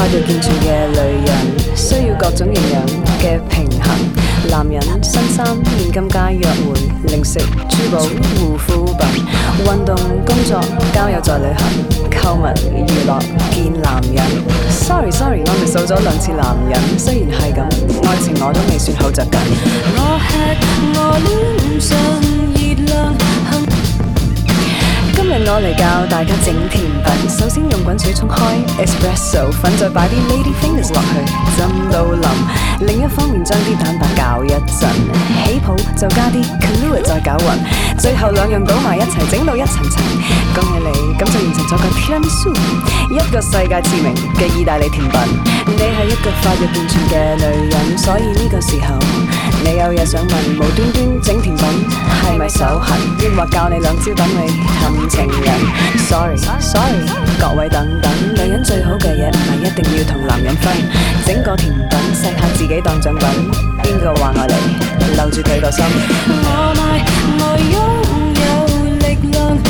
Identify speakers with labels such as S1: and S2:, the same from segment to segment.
S1: 快著見著嘅女人，需要各種營養嘅平衡。男人、新衫、現金街、街約會、零食、珠寶、護膚品、運動、工作、交友、再旅行、購物、娛樂、見男人。Sorry Sorry，我未數咗兩次男人，雖然係咁，愛情我都未算好着緊。我吃，我臉上熱量。今日我嚟教大家整甜品，首先用滾水沖開 espresso 粉，再擺啲 lady fingers 落去浸到淋。另一方面將啲蛋白攪一陣，起泡就加啲 glue 再攪勻。最後兩樣倒埋一齊，整到一層層。恭喜你，咁就完成咗個 tiramisu，一個世界知名嘅意大利甜品。你係一個發育健全嘅女人，所以呢個時候。你有嘢想問，無端端整甜品，係咪手痕？抑或教你兩招等你氹情人？Sorry Sorry，各位等等，女人最好嘅嘢唔係一定要同男人分，整個甜品細客自己當獎品，邊個話我嚟？留住佢個心。我愛我擁有力量。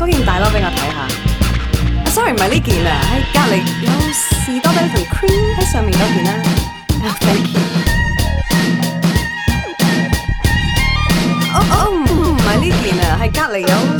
S1: 嗰件大褸俾我睇下，sorry 唔係呢件啊，喺隔籬有士多啤梨同 cream 喺上面嗰件啦，thank you，哦哦唔係呢件啊，喺隔籬有。